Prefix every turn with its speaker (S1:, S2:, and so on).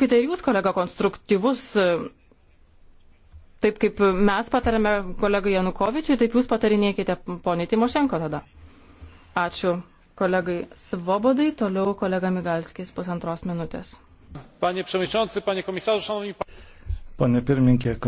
S1: būkite ir jūs, kolega, konstruktyvus. E, taip kaip mes patarėme kolegai Janukovičiui, taip jūs patarinėkite poniai Timošenko tada. Ačiū kolegai Svobodai, toliau kolega Migalskis pusantros minutės.
S2: Panie
S3: Przewodniczący, Panie Komisarzu, Szanowni Panie.
S4: Panie Pirmininkė,